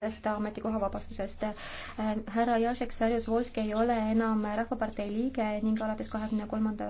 sellest ametikoha vabastusest. Äh, härra Jašek Sarjus Volski ei ole enam Rahvapartei liige ning alates kahekümne kolmanda